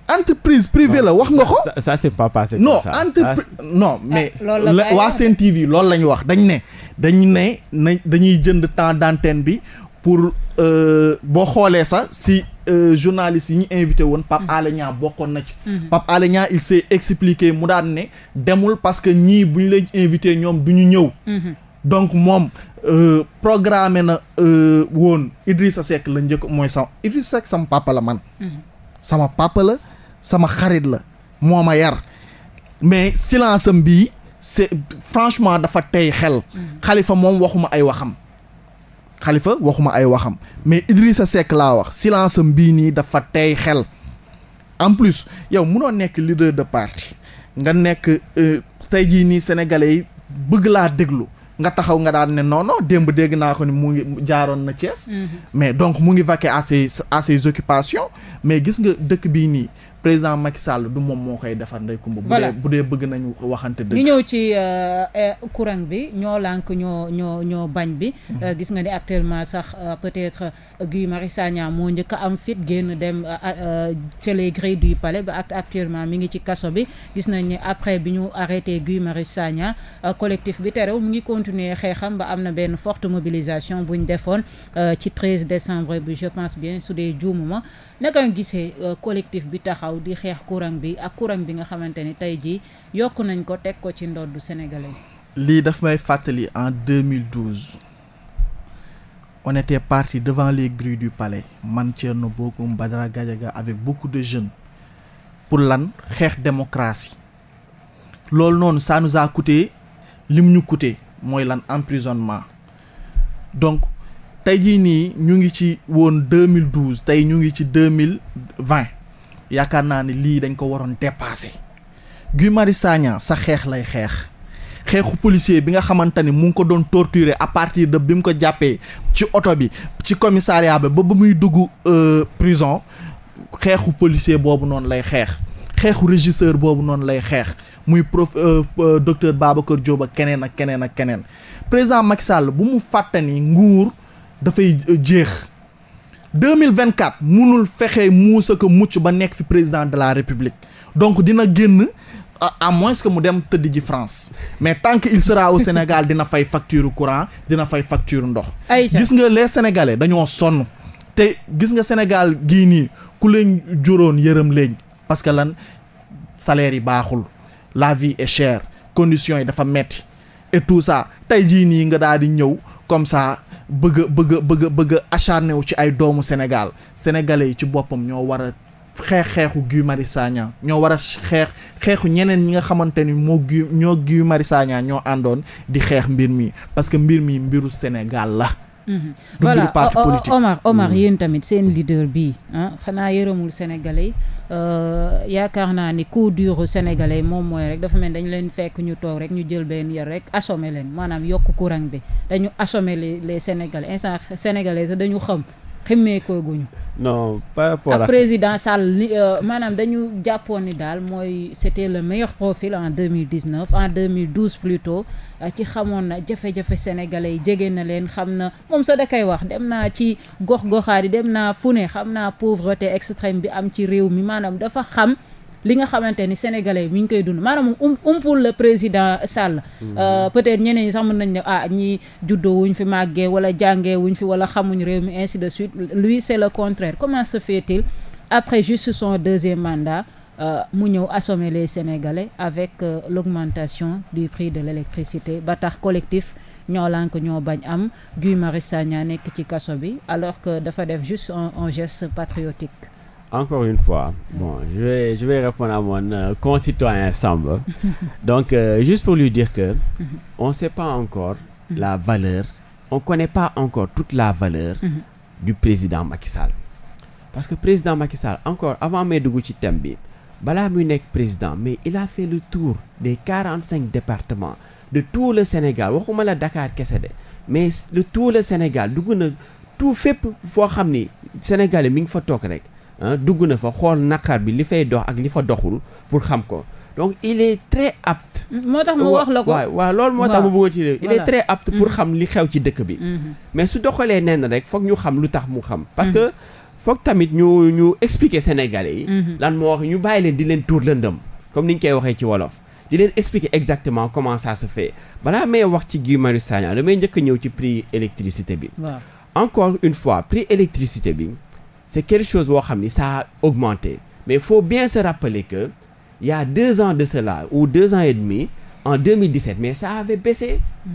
entreprise privée la wax nga ko. ça ça c'est pas passé non entreprise non mais. Ah, waa Sen TV loolu lañu wax dañ ne. dañu ne na dañuy jënd temps d'antenne bi pour euh, boo xoolee sax si euh, journaliste yi ñu invité woon Pape mm. Alé bokkoon na ci. Mm-hmm. Pape Alé Niang il s'est expliqué mu daan ne demul parce que ñii bu ñu leen invité ñoom du ñu ñëw. Mm-hmm. donc moom euh, programme na euh, idris Idrissa Seck la njëkk mooy sama Idrissa Seck sama papa la man. Mm-hmm. sama papa la. sama xarit la moo ma yar mais silence am bii c'est franchement dafa tey xel. xalifa mm. moom waxuma ay waxam. xalifa waxuma ay waxam mais Idrissa Seck laa wax silence am bii nii dafa tey xel en plus yow munoo nekk leader de parti nga nekk euh, tey jii nii sénégalais yi bëgg laa déglu. nga taxaw nga daan ne non non démb dégg naa ko ni mu ngi jaaroon na Thiès. Mm-hmm. mais donc mu ngi vaquer à ses à ses occupations mais gis nga dëkk bii nii président Macky Sall du moom moo koy defar ndey kumba bu dee bëgg nañu waxante dëgg ñu ñëw ci euh, eh, courant bi ñoo lànk ñoo ñoo ñoo bañ bi mhm. euh, gis nga ni actuellement sax euh, peut-être Guy Marius moo njëkk am fit génn dem ca les grilles du palais ba actuellement mi ngi ci kaso bi gis nañ ni après bi ñu arrêté Guy Marius Sagna collectif bi terew mu ngi continuer xeexam ba am na benn fort mobilisation buñ defoon ci décembre je pense bien su dee juumuma naka nga gisee euh, collectif bi taxaw di xeex courant bi ak courant bi nga xamante ni tey jii yokk nañ ko teg ko ci ndoddu sénégalais. lii daf may fàttali en 2012 on était parti devant les grilles du palais man Thierno Bocoum Badara Gadiaga avec beaucoup de jeunes pour lan xeex démocratie loolu noonu ça nous a coûté lim ñu coûté mooy lan emprisonnement donc. tey jii nii ñu ngi ci woon 2012 tey ñu ngi ci 2020 yaakaar naa ne lii dañ ko waroon dépasser Guy Marius Sagna sa xeex lay xeex xeexu policier bi nga xamante ni mu ngi ko doon torturer à partir de bi mu ko jàppee ci oto bi ci commissariat bi ba ba muy dugg euh, prison xeexu policier boobu noonu lay xeex xeexu régisseur boobu noonu lay xeex muy prof euh, euh, docteur Babacar Diop ak keneen ak keneen ak keneen président Macky Sall bu mu fàttani nguur dafay euh, jeex 2024 munul fexe muusa ko mucc ba nekk fi président de la république donc dina génn à moins que mu dem tëdd ji France mais tant que il sera au Sénégal dina fay facture courant dina fay facture ndox gis nga les sénégalais dañoo sonn te gis nga Sénégal gii nii ku leen juróon yërëm leen parce que lan salaire yi baaxul la vie et chère conditions yi dafa metti et tout ça tey jii nii nga daal di ñëw comme ça bëgg a bëgg a bëgg bëgg a wu ci ay doomu Sénégal sénégalais yi ci boppam ñoo war a xeex xeexu Guy Marius Sagna ñoo war a xeex xeexu ñeneen ñi nga xamante ni moo Guy ñoo Guy Marius Sagna ñoo àndoon di xeex mbir mi parce que mbir mi mbiru Sénégal la. Mhm. voilà du parti politique Omar Omar mm. yéen tamit seen leader bi ah xanaa yërëmul sénégalais yi euh, yaakaar naa ni coup dur sénégalais moom mooy rek dafa mel dañu leen fekk ñu toog rek ñu jël benn yar rek assomé leen maanaam yokk courant bi dañu assomé les les sénégalais instant sénégalais dañu xam. ximmeekooguñu non par rapport ak président Sall ni euh, maanaam dañu jàppoon ni daal mooy c'était le meilleur profil en 2019 en 2012 plutôt euh, ci xamoon na jafe-jafe sénégalais yi jege na leen xam na moom sa da koy wax dem naa ci gox-goxaat yi dem naa fu ne xam naa pauvreté extrême bi am ci réew mi maanaam dafa xam li nga xamante ni sénégalais mi ngi koy dund maanaam um umpul le président Sall. Mm-hmm. Euh, peut-être ñeneen ñi sax mën nañ ne ah ñi juddo wuñ fi màggee wala jàngee wuñ fi wala xamuñ réew mi ainsi de suite lui c'est le contraire comment se fait-il après juste son deuxième mandat euh, mu ñëw assommer les sénégalais avec euh, l'augmentation du prix de l'électricité ba tax collectif ñoo lànk ñoo bañ am Guy Marius ñaa nekk ci kaso bi alors que dafa def juste un, un geste patriotique encore une fois, bon, je vais, je répondre à mon euh, concitoyen Samba. Donc, euh, juste pour lui dire que mhm. on sait pas encore la valeur, on ne connaît pas encore toute la valeur mhm. du président Macky Parce que président Macky Sall, encore avant may dugg ci thème bi balaa muy nekk président mais il a fait le tour des quarante cinq départements de tout le Sénégal waxuma la Dakar kese mais de tout le Sénégal dugg na tout fépp foo xam ni Sénégalais mi ngi fa rek. dugg na fa xool naqar bi li fay dox ak li fa doxul pour xam ko donc il est très apte. Mm, moo tax mu wax la ko waaw loolu moo tax mu bëgg ci réew il est très apte pour mm-hmm. xam li xew ci dëkk bi. Mm-hmm. mais su doxalee nee na rek foog ñu xam lu tax mu xam. parce mm-hmm. que foog tamit ñu ñu expliquer Sénégalais yi. lan moo wax ñu bàyyi leen di leen tuur lëndëm comme ni ñu koy waxee ci wolof. di leen expliquer exactement comment ça se balaa may wax ci Guy Marius Sagna damay njëkk a ñëw ci prix électricité bi. encore une fois prix électricité bi. c'est quelque chose boo xam ni ça a mais il faut bien se rappeler que il y a deux ans de cela ou deux ans et demi en mais ça avait baissé mm-hmm.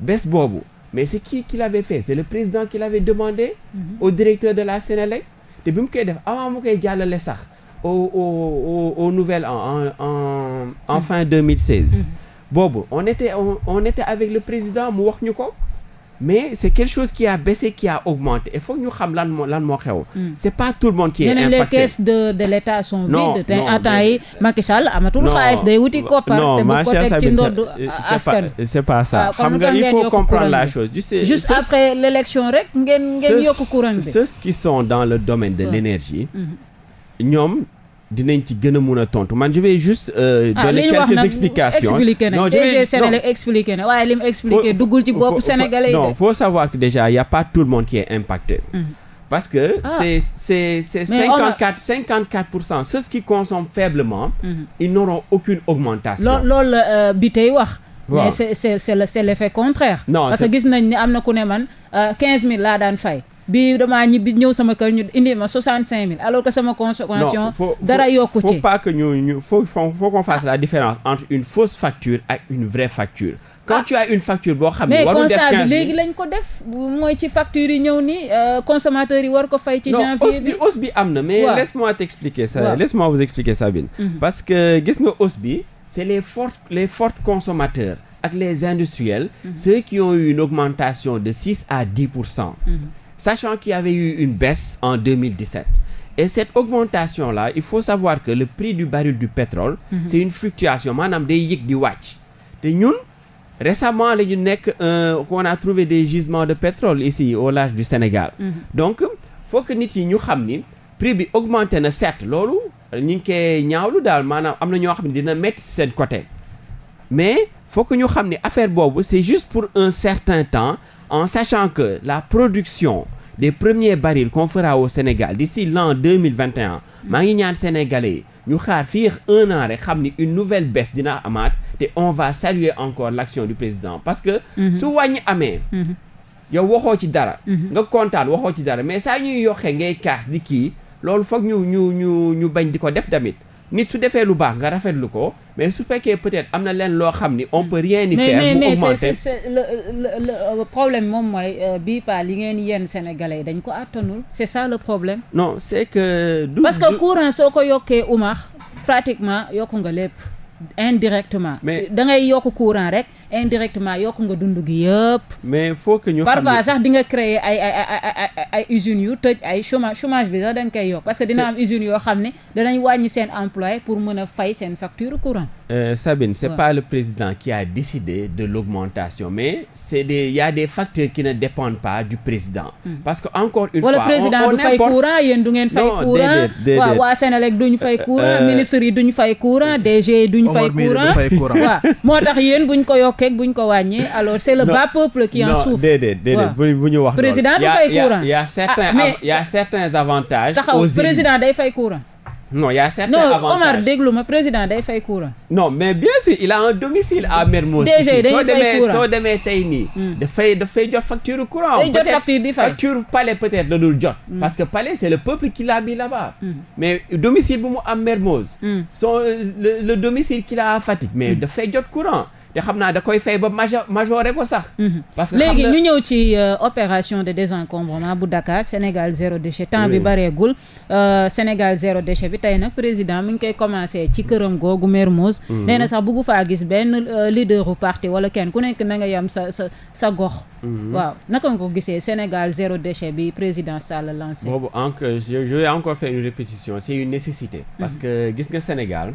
baisse boobu mais c'est qui qui l'avait fait c'est le président qui l'avait demandé mm-hmm. au directeur de la Sénélec te bi mu koy def avant mu koy jàllale sax au au au nouvel en en en mm-hmm. fin 2016 boobu on était avec le président mu wax ñu ko mais c' est quelque chose qui a baissé qui a augmenté il faut ñu xam lan moo lan moo xew. Hmm. c' est pas tout le monde qui est impacté de de l' état sont vides. te attends yi eh, Macky Sall amatul xaalis day wuti koppar. te bu ko teg ci ndoddu askan non c' est pas ça. Ah, xam nga il faut comprendre la chose. juste après l' élection rek ngeen ngeen yokk courant bi. qui sont dans le domaine de l' énergie. Mm-hmm. ñoom. dinañ ci gën a mun a tontu man je vais juste. Euh, ah donner quelques explications expliqué non je vais Sénégal na waaye li mu expliqué duggul ci bopp sénégalais yi non faut savoir que déjà y a pas tout le monde qui est impacté. Hmm. parce que ah. c'est c'est c'est cinquante quatre pour cent ceux qui consomment faiblement mm -hmm. ils n'auront aucune augmentation loolu la euh, bi tey wax mais c'est c'est c'est l'effet contraire non parce que gis nañ ni am na ku ne man euh, quinze mille laa daan fay bi damaa ñibbi ñëw sama kër ñu indi ma 65000 alors que sama consommation dara yokku ci faut pas que ñu ñu faut faut fasse la différence entre une fausse facture ak une vraie facture quand ah. tu as une facture boo xam ne warul def 15 mais lañ ko def mooy ci facture yi ñëw ni euh, consommateurs yi war ko fay ci janvier bi non hausse bi hausse bi am na mais ouais. laisse-moi t'expliquer ça ouais. laisse vous expliquer Sabine mm -hmm. parce que gis nga hausse bi c'est les fortes les fortes consommateurs mhm. de 6 à sachant qu'il y avait eu une baisse en 2017. Et cette augmentation-là, il faut savoir que le prix du baril du pétrole, mm -hmm. c'est une fluctuation, maanaam day yëg di wàcc. te ñun récemment la ñu nekk euh, on a trouvé des gisements de pétrole ici au large du Sénégal. Mhm. donc faut que nit yi ñu xam ni prix bi augmenté na certes loolu ñu ngi koy ñaawlu daal maanaam am na ñoo xam ne dina métti seen côté mais faut que ñu xam ni affaire boobu c'est juste pour un certain temps. en sachant que la production des premiers barils qu'on fera au Sénégal d'ici l'an 2021 maa ngi ñaan sénégalais ñu xaar fii un an rek xam ni une nouvelle baisse dina amaat te on va saluer encore l'action du président parce que mhm. su wàññi amee mhm. yow waxoo ci dara mhm. nga kontaan waxoo ci dara mais saa ñuy yokkee ngay kaas di kii loolu foog ñu ñu ñu ñu bañ di ko def tamit nit su defee lu baax nga rafetlu ko mais su fekkee peut-être am na leen loo xam ni on peut rien y faire mais mais mais moom mooy euh, bii pas li ngeen yenn sénégalais yi dañ ko àttanul c'est ça le problème non c'est que parce que courant soo ko yokkee Umar pratiquement yokku nga lépp indirectement. mais da ngay yokk courant rek indirectement yokk nga dund gi yëpp. mais faut parfois sax di nga créer ay ay ay ay usines yu tëj ay chômage chômage bi sax da nga koy yokk. parce que dina am usines yoo xam ne danañ wàññi seen employé pour mën a fay seen facture courant. Euh, c'est pas le président qui a décidé de l'augmentation mais c'est des il y a des facteurs qui ne dépendent pas du président. Mm. parce que encore une Ou fois. on fay courant yéen ngeen fay. courant non déedéet fay courant fay moo tax yéen buñ ko yokkee buñ ko wàññi alors c'est le bas peuple qui en souffre déedée déedée bu ñu wax président du fay courant y a certains ah, a certains avantages taxaw président day fay courant non y' a certains avantages non Omar déglu ma président day fay courant. non mais bien sûr il a un domicile à Mermoz. DG day fay courant soo demee tey nii. Hmm. dafay dafay jot facture courant. day jot facture di fay facture palais peut-être da dul jot. Hmm. parce que palais c' le peuple qui l' a mis là ba hmm. mais domicile bu mu am Mermoz. son le le domicile qu'il a à Fatick mais dafay jot courant. te xam naa da koy fay ba majo majoré ko sax. Mhm. parce que léegi ñu ñëw ci euh, opération de désencombrement bu Dakar Sénégal zéro déchet temps bi bareegul euh, Sénégal zéro déchet bi tey nag président mu ngi koy commencé ci këram googu Mermoz. Mhm. nee na sax buggu faa gis benn euh, leaderu parti wala kenn ku nekk na nga yam sa sa sa gox. Mhm. waaw naka nga ko gisee Sénégal zéro déchet bi président Sall lancé. boobu encore je vais encore faire une répétition c'est une nécessité. parce que gis nga Sénégal.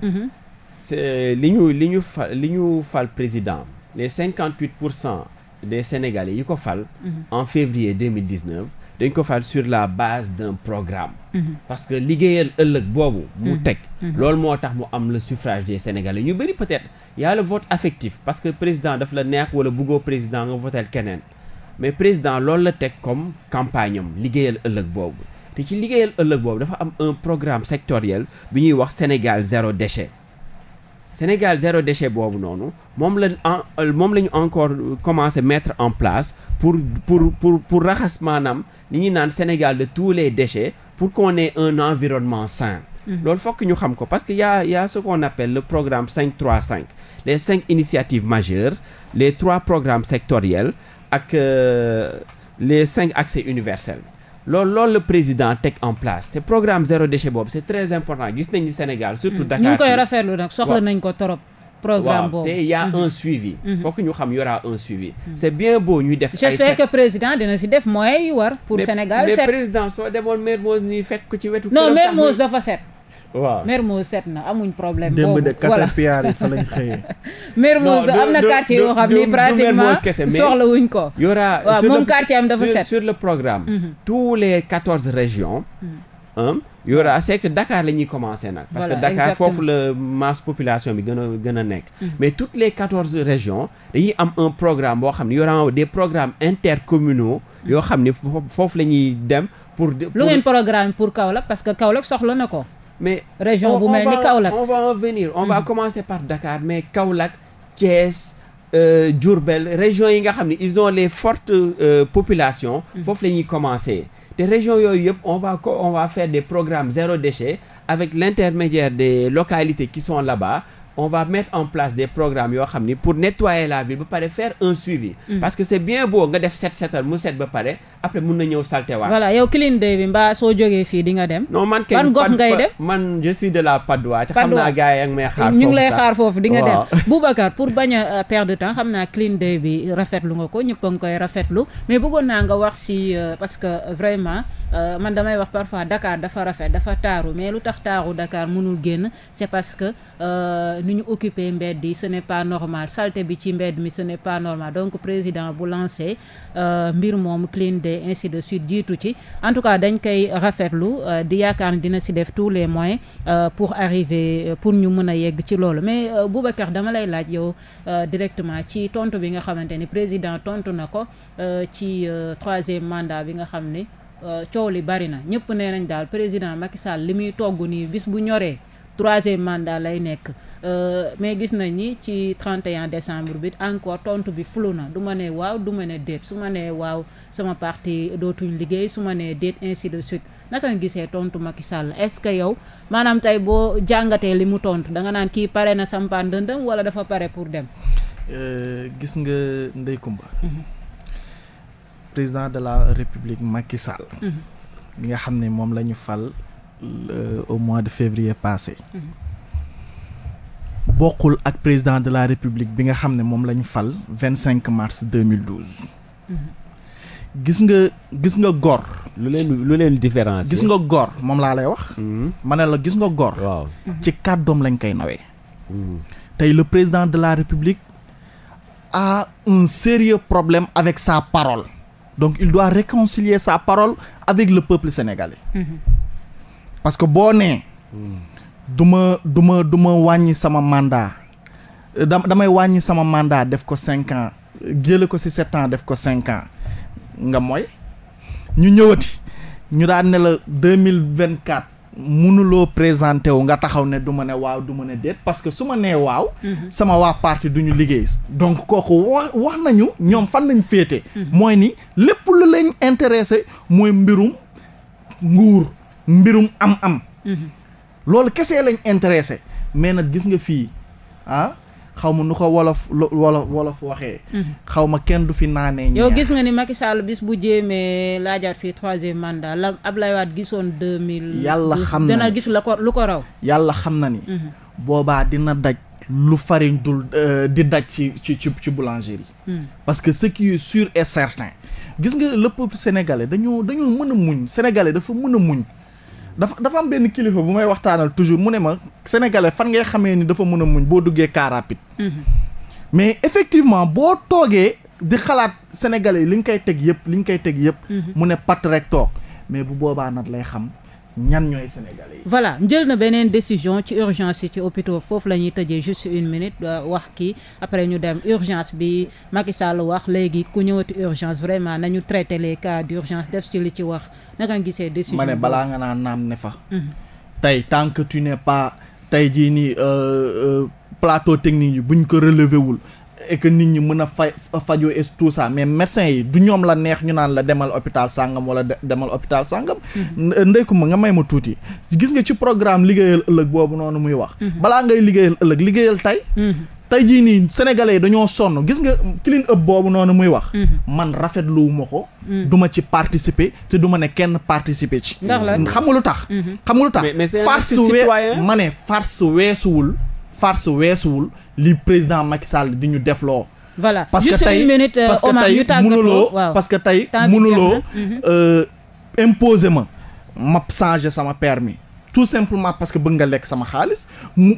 c'est li ñu li ñu fal li ñu fal président les cinquante huit pour cent des sénégalais yi ko fal. Mhm. en février deux mille dix neuf dañ ko fal sur la base d'un programme. Mhm. parce que liggéeyal ëllëg boobu. mu mhm. teg loolu moo tax mu am la suffrage des sénégalais ñu bëri peut-être y a le vote affectif parce que président daf la neex wala bëggoo président nga votel keneen mais président loolu la teg comme campagne am liggéeyal ëllëg boobu te ci liggéeyal ëllëg boobu dafa am un programme sectoriel bi ñuy wax Sénégal zéro déchet. Sénégal zéro déchet boobu noonu moom la en euh, moom la ñu encore commencé mettre en place pour pour pour pour raxas maanaam li ñuy naan Sénégal de tous les déchets pour qu'on ait un environnement sain. Mm-hmm. loolu fokk ñu xam ko parce que yaa a y a ce qu'on appelle le programme 535 les cinq initiatives majeures les trois programmes sectoriels ak euh, les cinq accès universels. loolu loolu la président teg en place te programme zéro déchet boobu c'est très important gis nañu Sénégal surtout Dakar ñu ngi koy rafetlu nag soxla nañ ko trop programme boobu te y a mhm. un suivi mhm. fokk ñu xam y aura un suivi mhm. c'est bien beau ñuy def je sais que président dina si def moyens yi war pour Sénégal set mais président soo demoon Mermoz nii fekk ci wetu non Mermoz dafa set waaw Mermoz set na amuñ problème. boobu démb de caterpillar yi fa am na quartier yoo xam ni pratiquement soxla wuñ ko. yora waaw moom quartier am dafa set. sur le programme. Mhm. tous les quatorze régions. Mhm. yora c'est que Dakar la ñuy commencer nag. parce que Dakar foofu la masse population bi gën a gën a nekk. Mhm. mais toutes les quatorze régions dañuy am un programme boo xam ne yora des programmes intercommunaux. yoo xam ne foofu la ñuy dem pour. lu ngeen programme pour Kaolack parce que Kaolack soxla na ko. mais région bu mel ni Kaolack on va en venir on va mm-hmm. commencer par Dakar mais Kaolack Thiès euh, Diourbel région yi nga xam ne ils ont les fortes euh, populations mm-hmm. foofu la ñuy commencer te région yooyu yëpp on va on va faire des programmes zéro déchet avec l'intermédiaire des localités qui sont là-bas on va mettre en place des programmes yoo xam ni pour nettoyer la ville ba pare faire un suivi. Mm. parce que c' bien beau nga def set setal mu set ba pare après mun na ñëw saltewaat. voilà yow clean day bi mbaa soo jógee fii di dem. man gox ngay dem man je de la Padoa. Padoa xam naa gars ak may xaar foofu ñu ngi lay xaar pour bañ a euh, perdre de temps xam naa clean day bi rafetlu nga ko ñëpp a ngi koy rafetlu mais bëggoon naa nga wax si euh, parce que euh, vraiment nu ñu occuper mbedd yi ce n'est pas normal salte bi ci mbedd mi ce n'est pas normal donc président bu lancé euh, mbir moom clean de ainsi de suite jiitu ci en tout cas dañ koy rafetlu euh, di yaakaar ni dina si def tous les moyens euh, pour arriver pour ñu mën a yegg ci loolu mais Boubacar dama lay laaj yow directement ci tontu bi nga xamante ni président tontu na ko ci troisième mandat bi nga xam ni coow li bari na ñëpp nee nañ daal président Macky Sall li muy togg nii bis bu ñoree. troisième mandat lay nekk euh, mais gis nañ ni ci 31 décembre bi encore tontu bi flou na du ma ne waaw du ma ne déet su ma nee waaw sama parti dootuñ liggéey su ma nee déet ainsi de suite naka nga gisee tontu Macky Sall est-ce que yow maanaam tey boo jàngatee li mu tontu da nga naan kii pare na sampaan dëndëm wala dafa pare pour dem. Euh, gis nga Ndeye Comba. Mhm. président de la république Macky Sall. bi mhm. nga xam ne moom lañu fal. Euh, au mois de février passé mhm. bokkul ak président de la république bi nga xam ne moom la ñu fal vingt cinq mars deux mille douze mhm. gis nga gis nga gor lu leen lu leen différence gis nga gor moom laa lay wax mhm. ma ne la gis nga gor waaw ci kàddoom lañ koy nawee tey le président de la république a un sérieux problème avec sa parole donc il doit réconcilier sa parole avec le peuple sénégalais parce que boo nee. du ma du ma du ma wàññi sama mandat euh, da damay wàññi sama mandat def ko cinq ans jële ko ci sept ans def ko cinq ans nga mooy ñu ñëwati ñu daan ne la deux mille vingt quatre mënuloo présenté wu nga taxaw ne du ma ne waaw du ma ne déet parce que su ma nee waaw. Mhm. sama waa parti du ñu liggéey. donc kooku wax wax nañu ñoom fan lañ féete. Mhm. mooy ni lépp lu lañ intéressé mooy mbirum nguur. mbirum am-am. Mhm. loolu kese lañ intéressé mais nag gis nga fii ah xaw ma nu ko wolof wolof wolof waxee. Mhm. xaw ma kenn du fi naanee. yow gis nga ni Macky Sall bis bu jéemee laajaat fii troisième mandat la Ablaye gisoon deux mille. yàlla xam na gis la ko lu ko raw. yàlla xam na ni. Mhm. boobaa dina daj. lu farine dul euh, di daj ci ci ci ci boulangerie. parce que ce qui est sûr et certain. gis nga lëpp peuple sénégalais dañoo dañoo mën a muñ sénégalais dafa mën a muñ. dafa dafa am benn kilifa bu may waxtaanal toujours mu ne ma sénégalais fan ngay xamee ni dafa mën a muñ boo duggee car mhm. mais effectivement boo toogee di xalaat sénégalais yi li ñu koy teg yëpp li ñu koy teg yëpp. Mhm. mu ne pat rek toog mais bu boobaa nag lay xam. ñan ñooy sénégalais yi. voilà jël na beneen décision ci urgence yi ci hôpitaux foofu la ñuy tëjee juste une minute euh, wax kii après ñu dem urgence bi Macky Sall wax léegi ku ñëwati urgence vraiment nañu traité les cas d' urgence def ci li ci wax naka gisee. décision ma ne balaa nga naan naam ne fa. Mhm. tey tant que tu n'es pas tey jii nii euh, euh, plateau technique yi buñ ko relevé et nit ñi mën a fay fajoo et tout ça mais médecin yi du ñoom la neex ñu naan la demal hôpital sangam wala demal hôpital sangam. Mhm. ndey ma nga may ma tuuti gis nga ci programme liggéeyal ëllëg boobu noonu muy wax. Mhm. balaa ngay liggéeyal ëllëg liggéeyal tey. Mhm. tey jii nii sénégalais dañoo sonn gis nga clean up boobu noonu muy wax. man rafetlu ma ko. duma ci participer te du ma ne kenn participer ci. ndax tax. xam nga tax farce we ma ne farce weesuwul. farce weesuwul li président Macky Sall di ñu defloo. voilà parce que tey euh, parce que parce que tey mënuloo mhm. euh, imposer ma ma changer sama permis tout simplement parce que bëgg nga lekk sama xaalis mu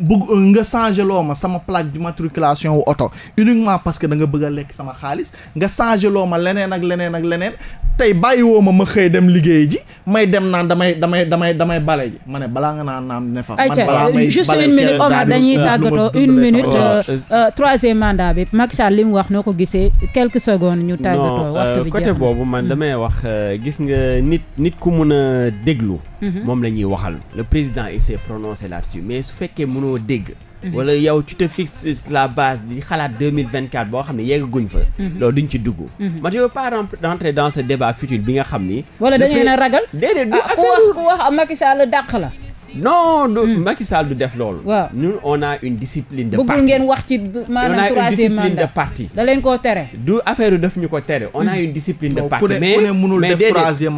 nga changer loo ma sama plaque d'immatriculation wu oto uniquement parce que da nga bëgg a lekk sama xaalis nga changer loo ma leneen ak leneen ak leneen tey bàyyiwoo ma ma xëy dem liggéey ji may dem naan damay damay damay damay bale ji ma ne balaa nga naan naam ne fa. ay balaa may juste une minute Omar dañuy tàggatoo une minute euh, euh, troisième mandat bi Macky li mu wax noo ko gisee quelques secondes. ñu tàggatoo waxtu euh, bi côté boobu man damay wax gis nga nit nit ku mun a déglu. Mhm. moom la ñuy waxal le président il s'est prononcé là mais su fekkee mënoo dégg. Mhm. wala yow ci te fixes la base di xalaat deux mille vingt quatre boo xam ne yeggaguñ fa. Mhm. loolu duñ ci dugg. Mhm. man je veux pas rentrer dans débat futur bi nga xam ni. wala dañu leen a ragal. déedéet du ah, affaire ku wax ku wax Macky Sall dàq la. non du hmm. Macky Sall du def loolu. waaw ñun on une disipline de parti bëggul ngeen wax ci maanaam troisième mandat parti. da leen koo tere. du affaire daf ñu ko tere. on a une discipline de parti. mais ku ne mënul def troisième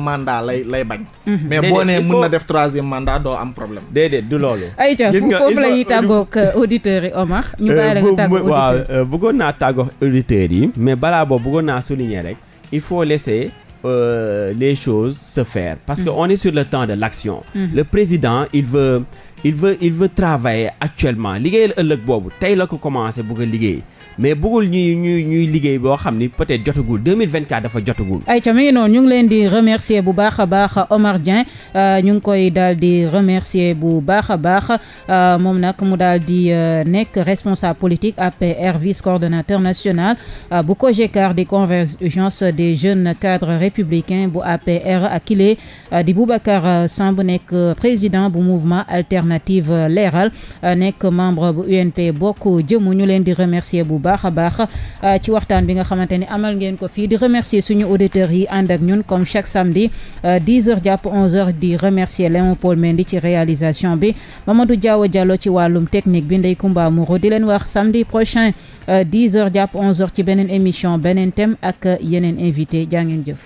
bañ. Hmm. mais boo nee mën na def troisième mandat doo am problème. déedéet du loolu. ayca foofu la ñuy tàggoog euh, auditeurs yi Omar. ñu bàyyi la nga euh, tàggoog auditeurs yi waaw euh, bëggoon naa tàggoog auditeurs yi. mais balaa boobu bëggoon naa souligner rek il faut laisser. euh, les choses se faire. Parce mmh. qu'on est sur le temps de l'action. Mmh. Le président, il veut il veut il veut travailler actuellement liggéeyal ëllëg boobu tey la ko commencé bugg a liggéey mais buggul ñuy ñuy ñuy liggéey boo xam ni peut-être jotagul 2024 dafa jotagul. ayca mi ngi noonu leen di remercier bu baax a baax Omar Dieng euh, ñu koy daal di remercier bu baax a baax euh, moom nag mu dal di euh, nekk responsable politique APR vice coordonnateur national bu COGECAR di convergence des jeunes cadres républicains bu APR ak kile di Boubacar Samb nekk président bu mouvement alternatif alternative leeral euh, nekk membre bu UNP bokk jëmu ñu leen di remercier bu baax a baax euh, ci waxtaan bi nga xamante ni amal ngeen ko fii di remercier suñu auditeurs yi ànd ak ñun comme chaque samedi 10 euh, heures jàpp 11 heures di remercier Léon Paul Mendy ci réalisation bi Mamadou Diaw Diallo ci wàllum technique bi Ndeye Kumba Mouro di leen wax samedi prochain 10 heures jàpp 11 heures ci beneen émission beneen thème ak yeneen invité jaa jëf